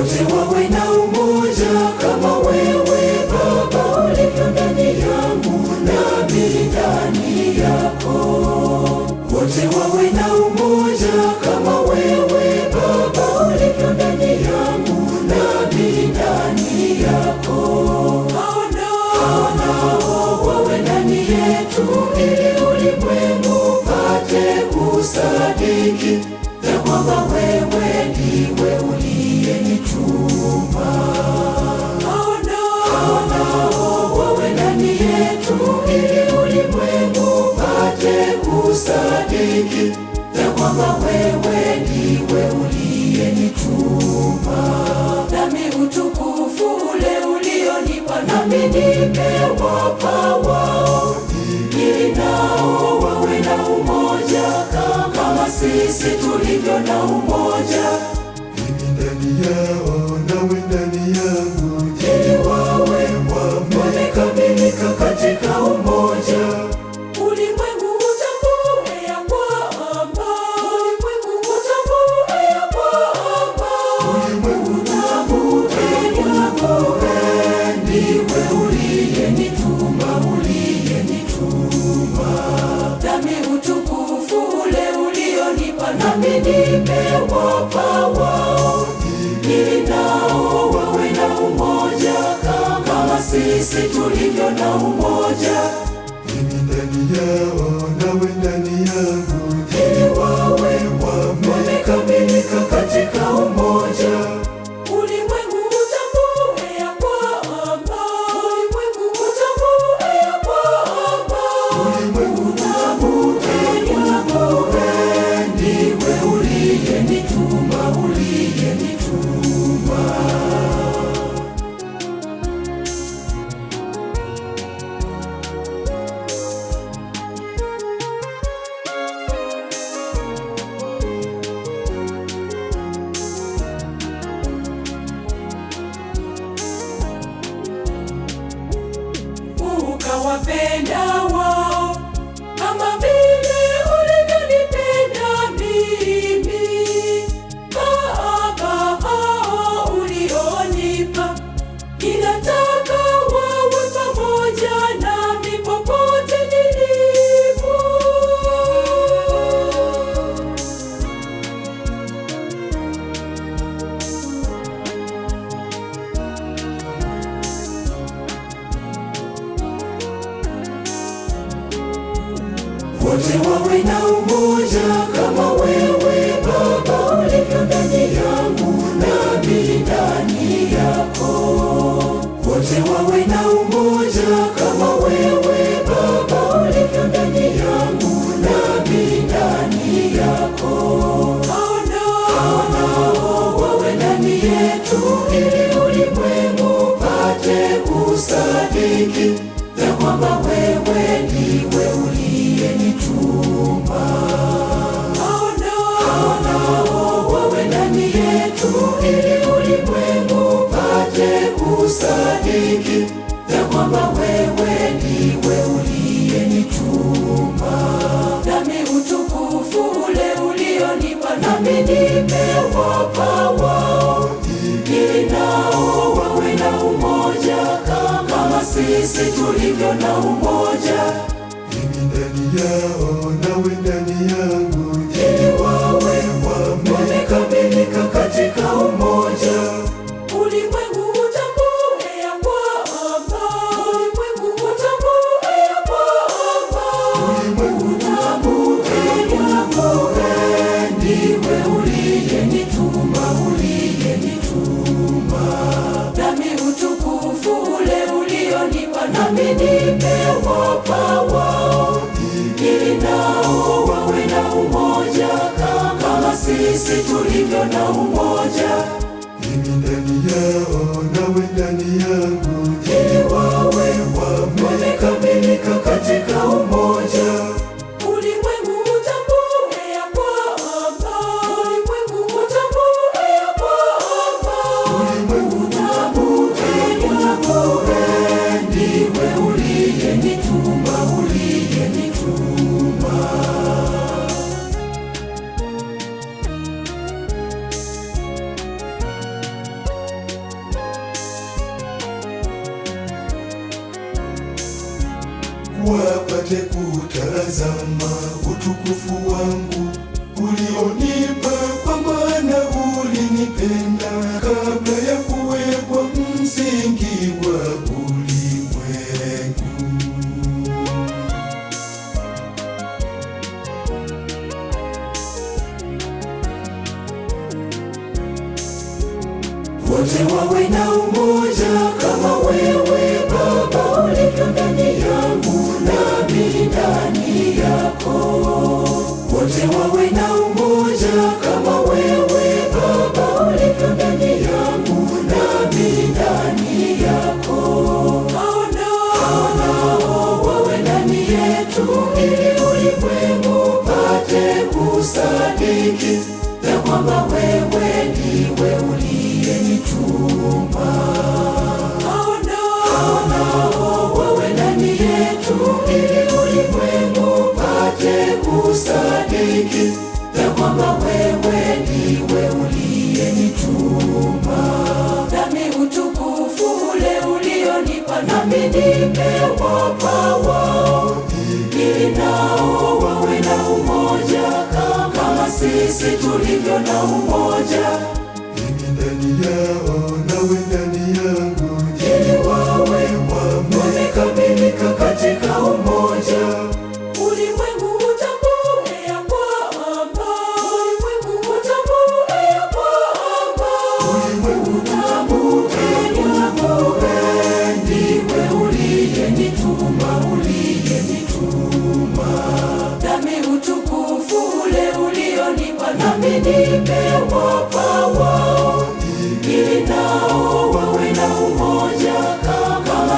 wote wawe na umoja sisi tulivyo na umoja mimi ndani yao wapenda wote wawe na umoja kama wewe Baba ulivyo ndani yangu nami ndani yako, wote wawe na umoja kama wewe Baba ulivyo ndani yangu nami ndani yako, hao nao wawe ndani yetu ili ulimwengu upate kusadiki ya kwamba wewe kusadiki ya kwamba wewe ndiwe uliyenituma, nami utukufu ule ulionipa nami nimewapa wao, ili nao wawe na umoja kama sisi tulivyo na umoja mimi ndani yao nami nimewapa wao, ili nao wawe na umoja kama sisi tulivyo na umoja, mimi ndani yao nawe ndani yangu wapate kutazama utukufu wangu ulionipa, kwa maana ulinipenda kabla ya kuwekwa msingi wako kwamba wewe ndiwe uliyenichuma. Haonao ili ulimwengu ya kwamba wewe ndiwe uliyenituma. Nami utukufu ule ulionipa, nami nimewapa wao ili nao jinsi tulivyo na umoja, mimi ndani yao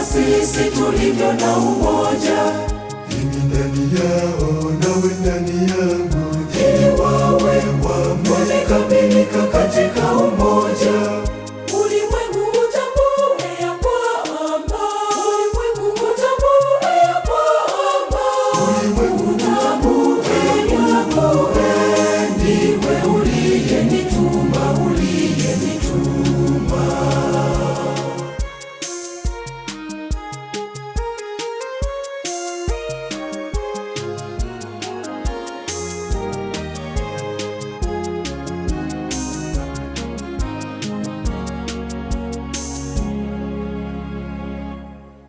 sisi tulivyo na umoja, mimi ndani yao nawe